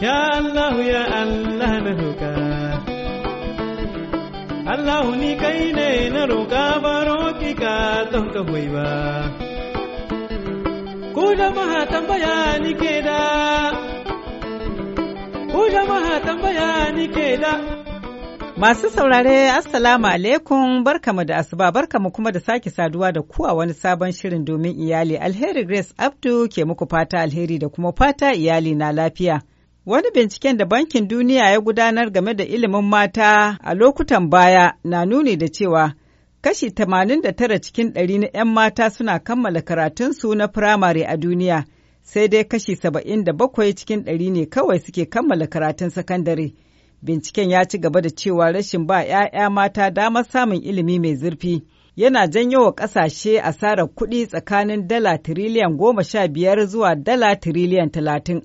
Ya Allah ya Allah na roƙa Allah ni kai ne na roƙa baro ki ka don ka hoyi ba Ku jama'a tambaya ni ke da Ku jama'a tambaya ni ke da Masu saurare Assalamu alaikum barkamu da asuba barkamu kuma da sake saduwa da kuwa wani sabon shirin domin iyali alheri Grace Abdu ke muku fata alheri da kuma fata iyali na lafiya. Wani binciken da Bankin Duniya ya gudanar game da ilimin mata a lokutan baya na nuni da cewa kashi 89 cikin ɗari na 'yan mata suna kammala karatunsu na firamare a duniya, sai dai kashi saba'in 77 cikin ɗari ne kawai suke kammala karatun sakandare. Binciken ya ci gaba da cewa rashin ba 'ya'ya mata damar samun ilimi mai zurfi. Yana janyo wa ƙasashe asarar kuɗi tsakanin dala tiriliyan goma sha biyar zuwa dala tiriliyan talatin.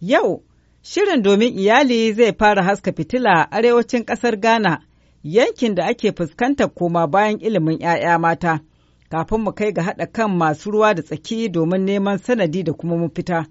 Yau, Shirin domin iyali zai fara haska fitila a arewacin ƙasar Ghana, yankin da ake fuskantar koma bayan ilimin 'ya'ya mata, kafin mu kai ga haɗa kan masu ruwa da tsaki domin neman sanadi da kuma mu fita,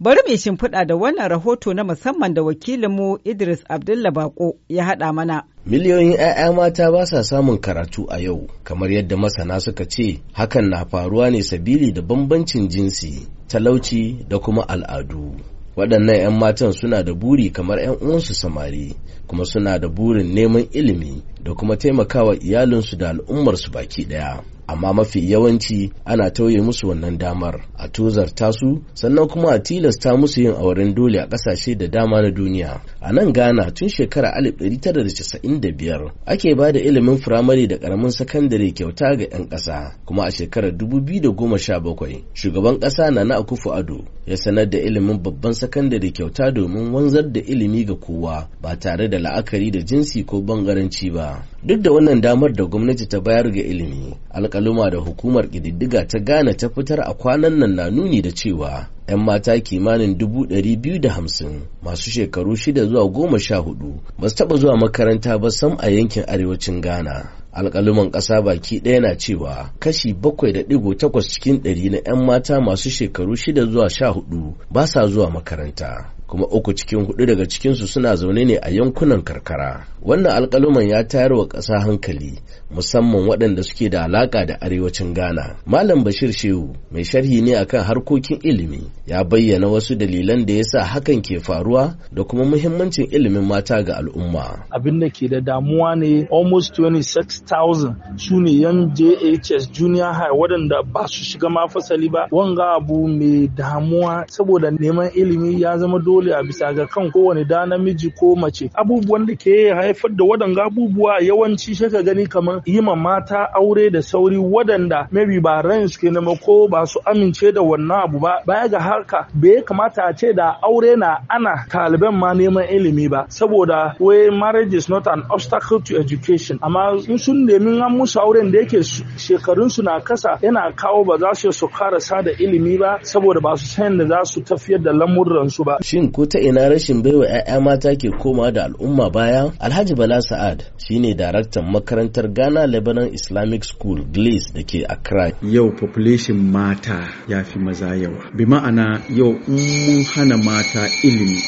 Bari mu shimfiɗa da wannan rahoto na musamman da wakilinmu Idris Abdullah Bako ya haɗa mana. Miliyoyin 'ya'ya mata ba sa samun karatu a yau, kamar yadda masana suka ce hakan na faruwa ne sabili da bambancin jinsi, talauci da kuma al'adu. waɗannan 'yan matan suna da buri kamar 'yan uwansu samari kuma suna da burin neman ilimi da kuma taimakawa iyalinsu da al'ummarsu baki ɗaya amma mafi yawanci ana tauye musu wannan damar a tozarta su sannan kuma a tilasta musu yin auren dole a ƙasashe da dama na duniya a nan ghana tun shekara 1995 ake ba da ilimin firamare da karamin sakandare kyauta ga 'yan ƙasa kuma a shekarar 2017 shugaban ƙasa na na akufu ado ya sanar da ilimin babban sakandare kyauta domin wanzar da ilimi ga kowa ba tare da la'akari da jinsi ko bangaranci ba duk da wannan damar da gwamnati ta bayar ga ilimi alkaluma da hukumar ƙididdiga ta ghana ta fitar a kwanan nan na nuni da cewa 'yan mata kimanin dubu ɗari biyu da hamsin masu shekaru shida zuwa goma sha hudu ba su taɓa zuwa makaranta ba sam a yankin arewacin ghana alƙaluman ƙasa baki ɗaya na cewa kashi bakwai da ɗigo takwas cikin ɗari na 'yan mata masu shekaru shida zuwa sha hudu ba sa zuwa makaranta kuma uku cikin hudu daga cikinsu suna zaune ne a yankunan karkara wannan alkaluman ya tayar wa ƙasa hankali musamman waɗanda suke da alaƙa da arewacin ghana malam bashir shehu mai sharhi ne akan harkokin ilimi ya bayyana wasu dalilan da ya sa hakan ke faruwa da kuma muhimmancin ilimin mata ga al'umma abin da ke da damuwa ne almost 26,000 su ne yan jhs junior high waɗanda ba su shiga ma fasali ba wanga abu mai damuwa saboda neman ilimi ya zama dole dole a bisa ga kan kowane da namiji ko mace abubuwan da ke haifar da waɗanga abubuwa yawanci shi ka gani kamar yi ma mata aure da sauri waɗanda maybe ba ran su ke nema ko ba su amince da wannan abu ba baya ga haka bai kamata a ce da aure na ana taliban ma neman ilimi ba saboda wai marriage is not an obstacle to education amma in sun nemi an musu auren da yake shekarun su na kasa yana kawo ba za su su karasa da ilimi ba saboda ba su san da za su tafiyar da lamurran ba shin ko ta ina rashin baiwa 'ya'ya mata ke koma da al'umma baya alhaji bala sa'ad shine daraktan makarantar ghana lebanon islamic school glace da ke accra yau population mata ya fi maza yawa bi ma'ana yau mun hana mata ilimi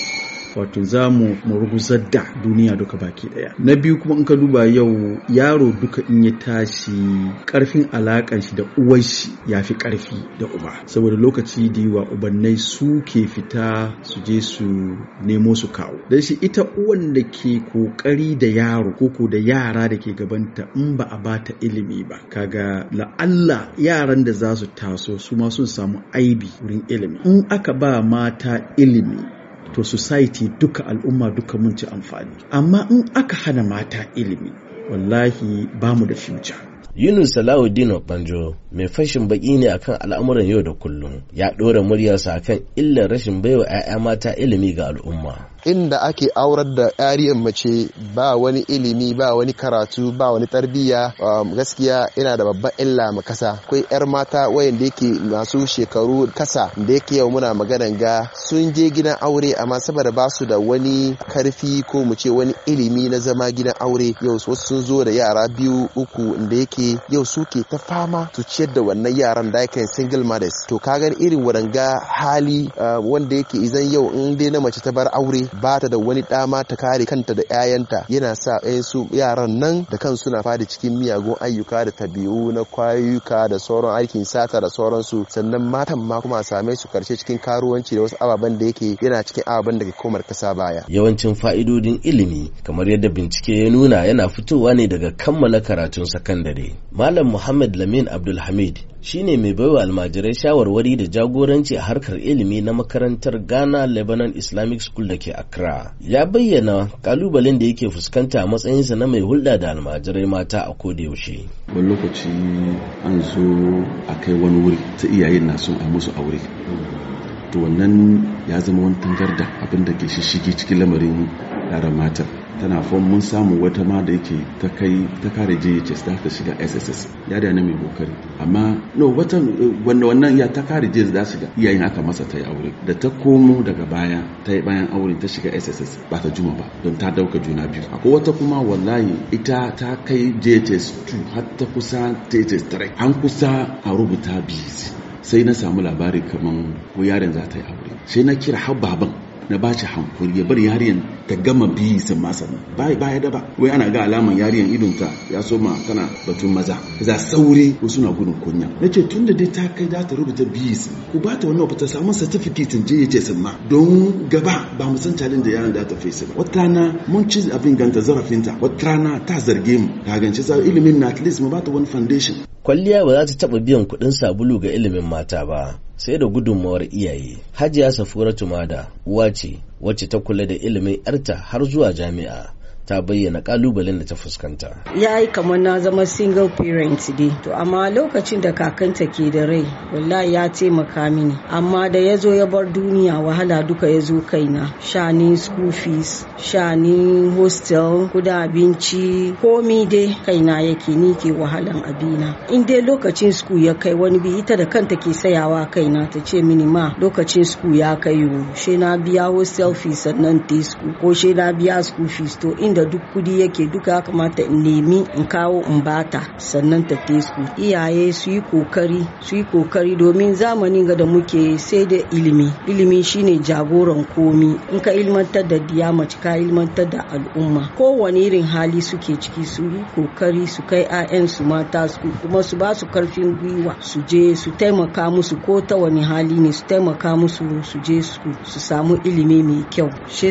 wato za mu ruguzar da duniya duka baki daya na biyu kuma in ka duba yau yaro duka in ya tashi karfin alakan shi da uwar shi ya fi karfi da uba saboda lokaci da yiwa ubannai su ke fita su je su nemo su kawo dan shi ita uwan da ke kokari da yaro koko da yara da ke gabanta in ba a bata ilimi ba kaga la'alla yaran da za su taso su ma sun samu aibi wurin ilimi in aka ba mata ilimi to society duka al'umma duka mun ci amfani amma in aka hana mata ilimi wallahi ba mu da future Yunus Salahuddin Obanjo mai fashin baki ne akan al'amuran yau da kullum ya ɗora muryarsa akan illar rashin baiwa 'ya'ya mata ilimi ga al'umma. inda ake aurar da yariyar mace ba wani ilimi ba wani karatu ba wani tarbiyya um, gaskiya ina da babban illa mu kasa akwai yar mata wayanda yake masu shekaru kasa da yake yau muna maganan ga sun je gidan aure amma saboda ba su da wani karfi ko mu ce wani ilimi na zama gidan aure yau wasu sun zo da yara biyu uku da yake yau suke ta fama su ciyar da wannan yaran da yake single mothers to ka gani irin wadanga hali uh, wanda yake izan yau in dai na mace ta bar aure ba ta da wani dama ta kare kanta da 'ya'yanta yana sa su yaran nan da kansu na fadi cikin miyagun ayyuka da tabi'u na kwayuka da sauran aikin sata da sauran su, sannan matan ma kuma same su karshe cikin karuwanci da wasu ababen da yake yana cikin ababen da ke komar kasa baya yawancin fa'idodin ilimi kamar yadda bincike ya nuna yana fitowa ne daga kammala karatun sakandare malam muhammad lamin abdulhamid shine mai baiwa almajirai shawarwari da jagoranci a harkar ilimi na makarantar ghana lebanon islamic school da ke Accra ya bayyana kalubalen da yake fuskanta matsayinsa na mai hulɗa da almajirai mata a yaushe. Wani lokaci an zo a kai wani wuri ta iyayen na son a musu aure. To wannan ya zama wani tangarda abin da ke shishigi cikin lamarin yaran matan. tana fom mun samu wata ma da yake ta kai ta kare jhs da ta shiga sss ya da na mai kokari amma no wata wanda wannan ya ta kare jhs da shiga iyayen aka masa ta yi aure da ta komo daga baya ta yi bayan aure ta shiga sss ba ta juma ba don ta dauka juna biyu akwai wata kuma wallahi ita ta kai jhs 2 har ta kusa jhs 3 an kusa a rubuta bi sai na samu labari kaman ko yaron za ta yi aure sai na kira har baban na ba shi hankuri ya bar yariyan ta gama biyu sun masa Ba baya da ba wai ana ga alaman yariyan idon ta ya ma tana batun maza za saure wasu na gudun kunya na ce tun da dai ta kai za ta rubuta biyu sun ku ba ta wannan ta samu certificate je ce sun ma don gaba ba mu san calin da yaran da ta fesa ba wata rana mun ci abin ganta zarafinta wata rana ta zarge mu ta ganci sa ilimin na at least mu ba ta wani foundation kwalliya ba za ta taɓa biyan kuɗin sabulu ga ilimin mata ba sai da gudunmawar iyaye hajiya safura tumada uwa ce wacce ta kula da ilimin yarta har zuwa jami'a ta bayyana kalubalen da ta fuskanta. Ya yi kamar na zama single parent dai. To amma lokacin da kakanta ke da rai wallahi ya taimaka mini. Amma da ya zo ya bar duniya wahala duka ya zo kaina. Shani school fees, shani hostel, kuda abinci, komi dai kaina yake ni ke wahalan abina. In dai lokacin school ya kai wani bi ita da kanta ke sayawa kaina ta ce mini ma lokacin school ya kai yo. She na biya hostel fees sannan ta school ko she na biya school fees to inda da duk kudi yake duka kamata in nemi in kawo in bata sannan ta su iyaye su yi kokari su yi kokari domin zamani ga da muke sai da ilimi ilimi shine jagoran komi in ka ilmantar da diya ka ilmantar da al'umma kowane irin hali suke ciki su yi kokari su kai ayan su mata su kuma su ba su karfin gwiwa su je su taimaka musu ko ta wani hali ne su taimaka musu su je su samu ilimi mai kyau shi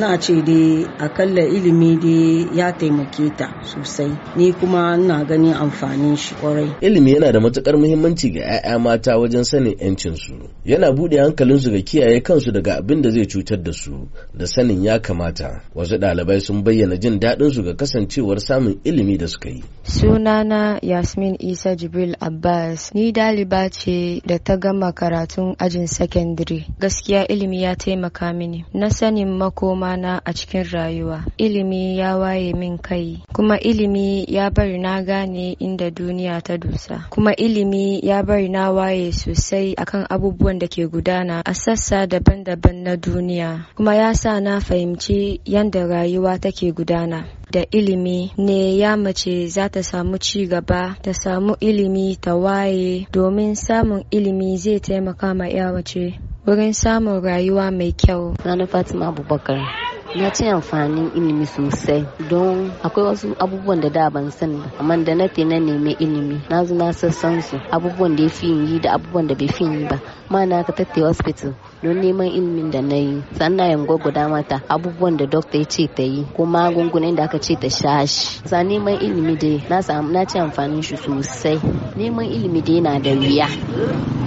na ce dai akalla ilimi ilimi dai ya taimake ta sosai ni kuma ina ganin amfanin shi kwarai ilimi yana da matukar muhimmanci ga 'ya'ya mata wajen sanin 'yancinsu yana buɗe su ga kiyaye kansu daga abin da zai cutar da su da sanin ya kamata wasu ɗalibai sun bayyana jin daɗin su ga kasancewar samun ilimi da suka yi sunana yasmin isa jibril abbas ni daliba ce da ta gama karatun ajin sakandare gaskiya ilimi ya taimaka mini na sanin makoma na a cikin rayuwa ilimi ilimi ya waye min kai kuma ilimi ya bari na gane inda duniya ta dusa kuma ilimi ya bari na waye sosai akan abubuwan da ke gudana a sassa daban-daban na duniya kuma ya sa na fahimci yadda rayuwa take gudana da ilimi ne ya mace za ta samu ci gaba ta samu ilimi ta waye domin samun ilimi zai taimaka ma ya mace wurin samun rayuwa mai kyau. Sani Fatima Abubakar. na ci amfanin ilimi sosai don akwai wasu abubuwan da da ban sani amma da na te na nemi ilimi na zo na sassan su abubuwan da ya fi yi da abubuwan da bai fi yi ba ma na ka tattai hospital don neman ilimin da na yi sannan yin gwagwada mata abubuwan da dokta ya ce ta yi ko magungunan da aka ce ta sha shi sa neman ilimi da na samu na ci amfanin shi sosai neman ilimi da yana da wuya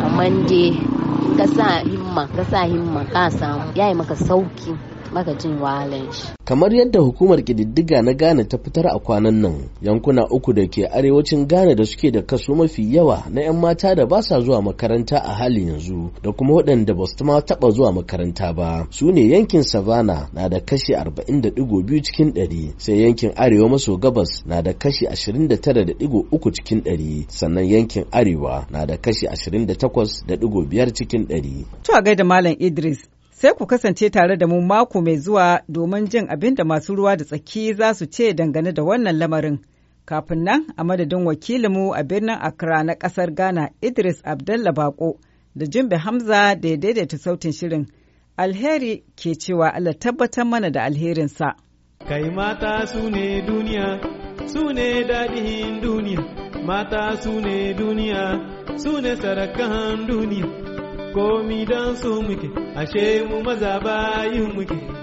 amma dai ka sa himma ka sa himma ka samu yayi maka sauki maka jin shi kamar yadda hukumar kididdiga na Ghana ta fitar a kwanan nan yankuna uku da ke arewacin Ghana da suke da kaso mafi yawa na 'yan mata da ba sa zuwa makaranta a halin yanzu da kuma waɗanda ba su ma taɓa zuwa makaranta ba su ne yankin Savannah na da kashi 40.2 cikin 100 sai yankin arewa maso gabas na da kashi 29.3 cikin 100 sannan yankin arewa na da kashi 28.5 cikin 100 to a gaida malam Idris sai ku kasance tare da mu mako mai zuwa domin jin abin da masu ruwa da tsaki za su ce dangane da wannan lamarin. Kafin nan a madadin wakilinmu a birnin Accra na ƙasar Ghana Idris Abdallah Bako da Jimbe Hamza da ya daidaita sautin shirin. Alheri ke cewa Allah tabbatar mana da alherinsa. Kai mata su ne duniya, su ne daɗin duniya, mata su ne duniya, su ne sarakan duniya. komi dan su muke ashe mu maza bayin muke